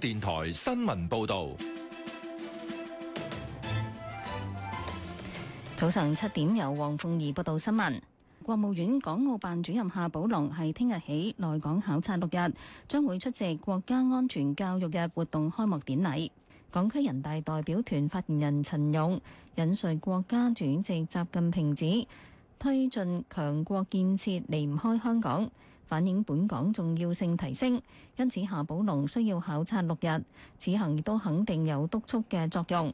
電台新聞報道，早上七點由黃鳳儀報道新聞。國務院港澳辦主任夏寶龍係聽日起來港考察六日，將會出席國家安全教育日活動開幕典禮。港區人大代表團發言人陳勇引述國家主席習近平指，推進強國建設離唔開香港。反映本港重要性提升，因此夏寶龍需要考察六日，此行亦都肯定有督促嘅作用。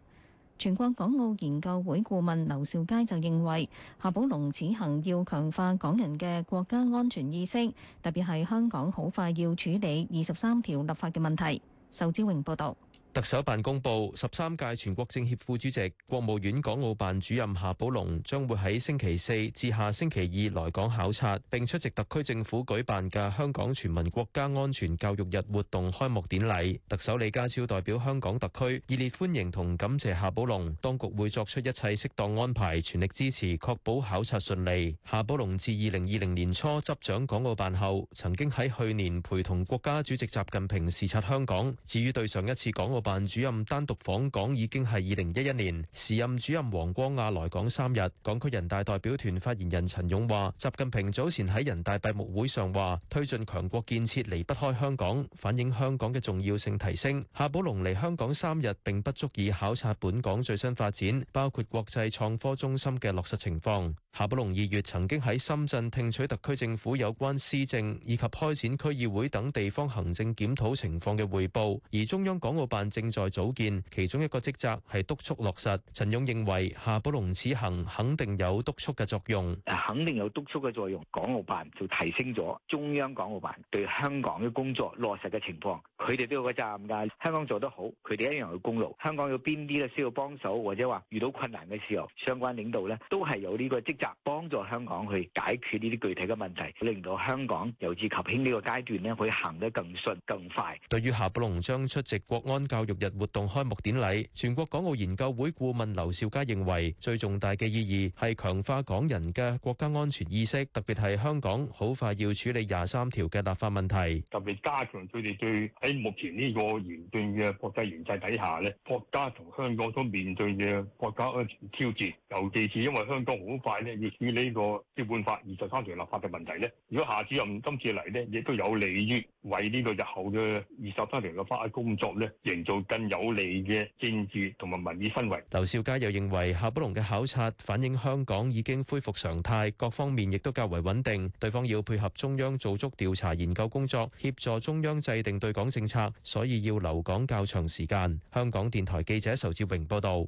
全國港澳研究會顧問劉兆佳就認為，夏寶龍此行要強化港人嘅國家安全意識，特別係香港好快要處理二十三條立法嘅問題，仇志榮報道。特首辦公佈，十三屆全國政協副主席、國務院港澳辦主任夏寶龍將會喺星期四至下星期二來港考察，並出席特區政府舉辦嘅香港全民國家安全教育日活動開幕典禮。特首李家超代表香港特區熱烈歡迎同感謝夏寶龍，當局會作出一切適當安排，全力支持確保考察順利。夏寶龍自二零二零年初執掌港澳辦後，曾經喺去年陪同國家主席習近平視察香港。至於對上一次港澳，辦主任單獨訪港已經係二零一一年，時任主任黃光亞來港三日。港區人大代表團發言人陳勇話，習近平早前喺人大閉幕會上話，推進強國建設離不開香港，反映香港嘅重要性提升。夏寶龍嚟香港三日，並不足以考察本港最新發展，包括國際創科中心嘅落實情況。夏寶龍二月曾經喺深圳聽取特區政府有關施政以及開展區議會等地方行政檢討情況嘅匯報，而中央港澳辦正在組建，其中一個職責係督促落實。陳勇認為夏寶龍此行肯定有督促嘅作用，肯定有督促嘅作用。港澳辦就提升咗中央港澳辦對香港嘅工作落實嘅情況。佢哋都有個責任㗎，香港做得好，佢哋一樣有功勞。香港有邊啲咧需要幫手，或者話遇到困難嘅時候，相關領導咧都係有呢個職責幫助香港去解決呢啲具體嘅問題，令到香港由治及興呢個階段咧可以行得更順更快。對於夏寶龍將出席國安教育日活動開幕典禮，全國港澳研究會顧問劉兆佳認為，最重大嘅意義係強化港人嘅國家安全意識，特別係香港好快要處理廿三條嘅立法問題，特別加強佢哋對喺。目前呢個嚴峻嘅國際形勢底下咧，國家同香港都面對嘅國家安全挑戰，尤其是因為香港好快咧要處理呢個《基本法》二十三條立法嘅問題咧。如果夏主任今次嚟咧，亦都有利於為呢個日後嘅二十三條立法嘅工作咧，營造更有利嘅政治同埋民意氛圍。劉少佳又認為夏寶龍嘅考察反映香港已經恢復常態，各方面亦都較為穩定。對方要配合中央做足調查研究工作，協助中央制定對港政政策，所以要留港較長時間。香港電台記者仇志榮報道。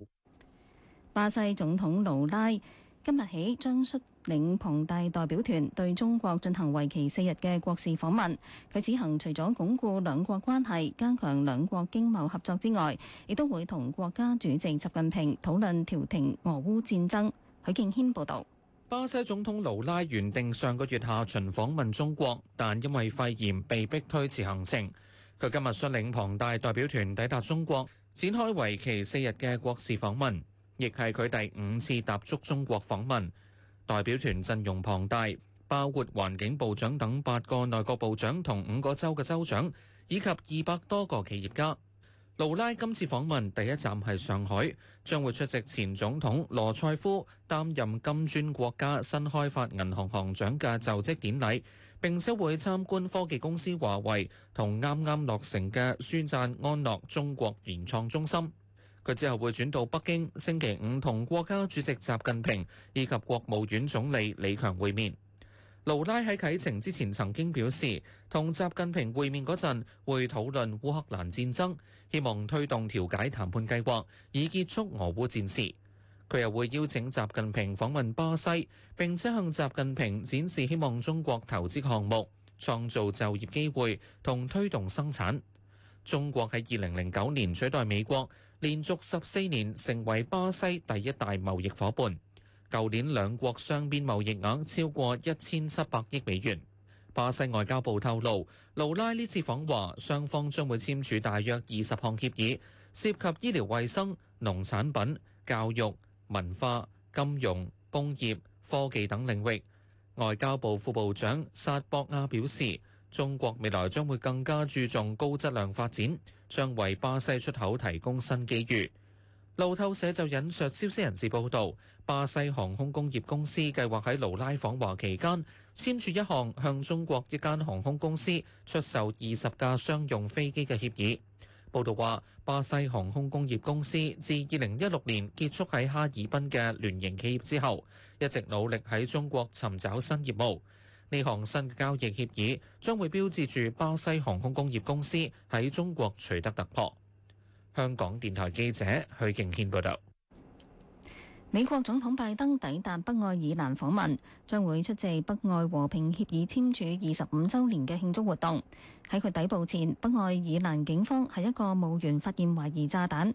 巴西總統盧拉今日起將率領龐大代表團對中國進行為期四日嘅國事訪問。佢此行除咗鞏固兩國關係，加強兩國經貿合作之外，亦都會同國家主席習近平討論調停俄烏戰爭。許敬軒報道。巴西總統盧拉原定上個月下旬訪問中國，但因為肺炎被逼推遲行程。佢今日率領龐大代表團抵達中國，展開為期四日嘅國事訪問，亦係佢第五次踏足中國訪問。代表團陣容龐大，包括環境部長等八個內閣部長同五個州嘅州長，以及二百多個企業家。盧拉今次訪問第一站係上海，將會出席前總統羅塞夫擔任金磚國家新開發銀行行長嘅就職典禮。並且會參觀科技公司華為同啱啱落成嘅宣讚安樂中國研創中心。佢之後會轉到北京，星期五同國家主席習近平以及國務院總理李強會面。盧拉喺啟程之前曾經表示，同習近平會面嗰陣會討論烏克蘭戰爭，希望推動調解談判計劃，以結束俄烏戰事。佢又會邀請習近平訪問巴西，並且向習近平展示希望中國投資項目創造就業機會同推動生產。中國喺二零零九年取代美國，連續十四年成為巴西第一大貿易伙伴。舊年兩國雙邊貿易額超過一千七百億美元。巴西外交部透露，盧拉呢次訪華，雙方將會簽署大約二十項協議，涉及醫療衛生、農產品、教育、文化、金融、工業、科技等領域，外交部副部長薩博亞表示，中國未來將會更加注重高質量發展，將為巴西出口提供新機遇。路透社就引述消息人士報道，巴西航空工業公司計劃喺盧拉訪華期間簽署一項向中國一間航空公司出售二十架商用飛機嘅協議。報道話，巴西航空工業公司自二零一六年結束喺哈爾濱嘅聯營企業之後，一直努力喺中國尋找新業務。呢項新交易協議將會標誌住巴西航空工業公司喺中國取得突破。香港電台記者許敬軒報導。美國總統拜登抵達北愛爾蘭訪問，將會出席北愛和平協議簽署二十五周年嘅慶祝活動。喺佢抵埗前，北愛爾蘭警方喺一個墓園發現懷疑炸彈。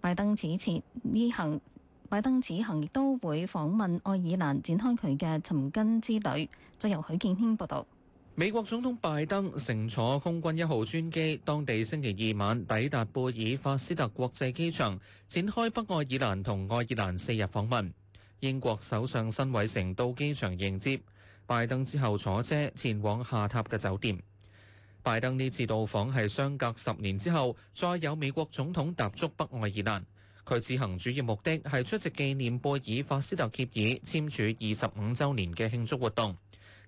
拜登此前呢行，拜登此行亦都會訪問愛爾蘭展開佢嘅尋根之旅。再由許建添報道。美國總統拜登乘坐空軍一號專機，當地星期二晚抵達貝爾法斯特國際機場，展開北愛爾蘭同愛爾蘭四日訪問。英國首相辛偉誠到機場迎接拜登，之後坐車前往下榻嘅酒店。拜登呢次到訪係相隔十年之後再有美國總統踏足北愛爾蘭，佢此行主要目的係出席紀念貝爾法斯特協議簽署二十五周年嘅慶祝活動。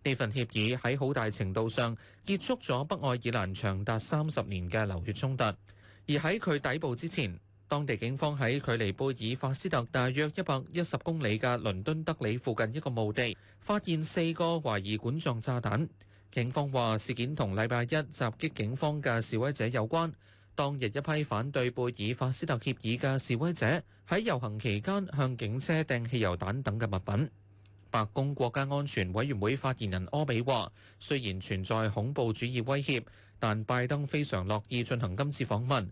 呢份協議喺好大程度上結束咗北愛爾蘭長達三十年嘅流血衝突。而喺佢底部之前，當地警方喺距離貝爾法斯特大約一百一十公里嘅倫敦德里附近一個墓地，發現四個懷疑管狀炸彈。警方話事件同禮拜一襲擊警方嘅示威者有關。當日一批反對貝爾法斯特協議嘅示威者喺遊行期間向警車掟汽油彈等嘅物品。白宮國家安全委員會發言人柯比話，雖然存在恐怖主義威脅，但拜登非常樂意進行今次訪問。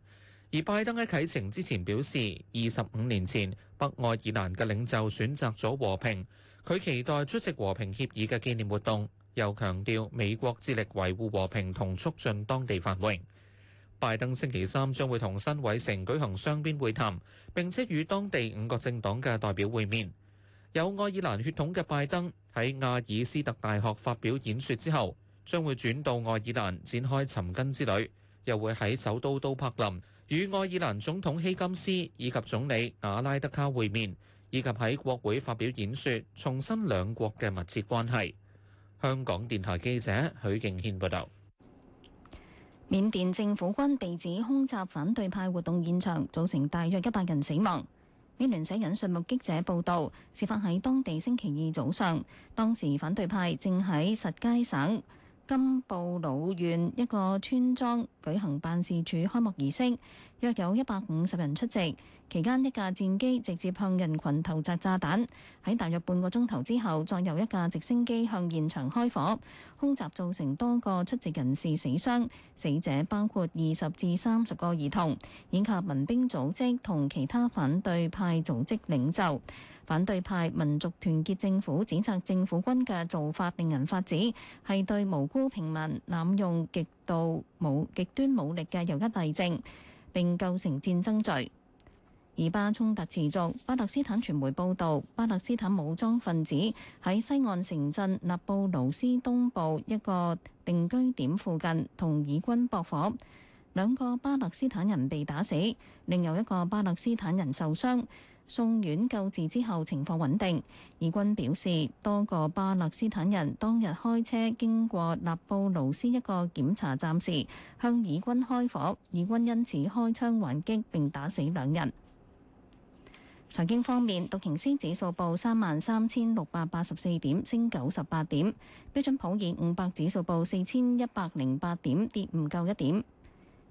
而拜登喺啟程之前表示，二十五年前北愛爾蘭嘅領袖選擇咗和平，佢期待出席和平協議嘅紀念活動，又強調美國致力維護和平同促進當地繁榮。拜登星期三將會同辛偉誠舉行雙邊會談，並且與當地五個政黨嘅代表會面。有愛爾蘭血統嘅拜登喺亞爾斯特大學發表演說之後，將會轉到愛爾蘭展開尋根之旅，又會喺首都都柏林與愛爾蘭總統希金斯以及總理瓦拉德卡會面，以及喺國會發表演說，重申兩國嘅密切關係。香港電台記者許敬軒報導。緬甸政府軍被指空襲反對派活動現場，造成大約一百人死亡。美聯社引述目擊者報道，事發喺當地星期二早上，當時反對派正喺實皆省金布魯縣一個村莊舉行辦事處開幕儀式。約有一百五十人出席，期間一架戰機直接向人群投擲炸彈。喺大約半個鐘頭之後，再由一架直升機向現場開火，空襲造成多個出席人士死傷，死者包括二十至三十個兒童，以及民兵組織同其他反對派組織領袖。反對派民族團結政府指責政府軍嘅做法令人髮指，係對無辜平民濫用極度無極端武力嘅又一例證。並構成戰爭罪。以巴衝突持續，巴勒斯坦傳媒報導，巴勒斯坦武裝分子喺西岸城鎮納布魯斯東部一個定居點附近同以軍駁火，兩個巴勒斯坦人被打死，另有一個巴勒斯坦人受傷。送院救治之後，情況穩定。以軍表示，多個巴勒斯坦人當日開車經過納布魯斯一個檢查站時，向以軍開火，以軍因此開槍還擊並打死兩人。財經方面，道瓊斯指數報三萬三千六百八十四點，升九十八點；標準普爾五百指數報四千一百零八點，跌唔夠一點。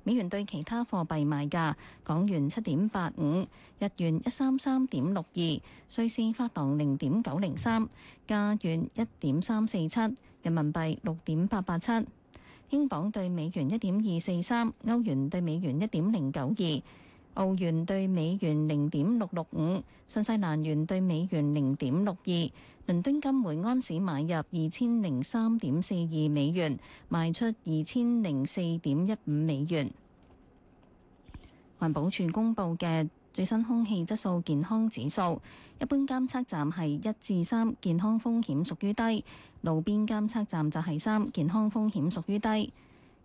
美元對其他貨幣賣價：港元七點八五，日元一三三點六二，瑞士法郎零點九零三，加元一點三四七，人民幣六點八八七，英鎊對美元一點二四三，歐元對美元一點零九二。澳元兌美元零點六六五，新西蘭元兌美元零點六二，倫敦金每安士買入二千零三點四二美元，賣出二千零四點一五美元。環保署公布嘅最新空氣質素健康指數，一般監測站係一至三，健康風險屬於低；路邊監測站就係三，健康風險屬於低。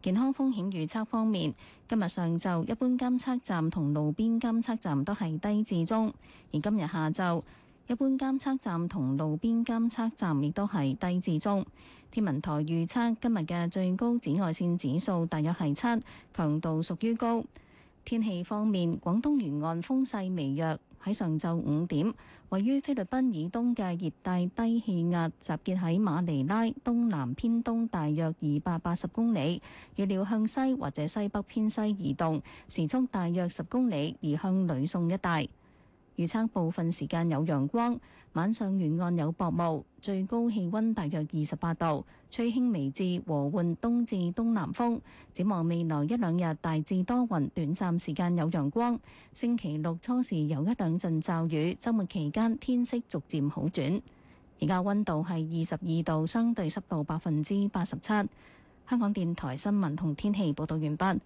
健康風險預測方面，今日上晝一般監測站同路邊監測站都係低至中，而今日下晝一般監測站同路邊監測站亦都係低至中。天文台預測，今日嘅最高紫外線指數大約係七，強度屬於高。天氣方面，廣東沿岸風勢微弱。喺上晝五點位於菲律賓以東嘅熱帶低氣壓集結喺馬尼拉東南偏東大約二百八十公里，預料向西或者西北偏西移動，時速大約十公里，移向呂宋一帶。預測部分時間有陽光，晚上沿岸有薄霧，最高氣溫大約二十八度，吹輕微至和緩東至東南風。展望未來一兩日大致多雲，短暫時間有陽光。星期六初時有一兩陣驟雨，週末期間天色逐漸好轉。而家溫度係二十二度，相對濕度百分之八十七。香港電台新聞同天氣報道完畢。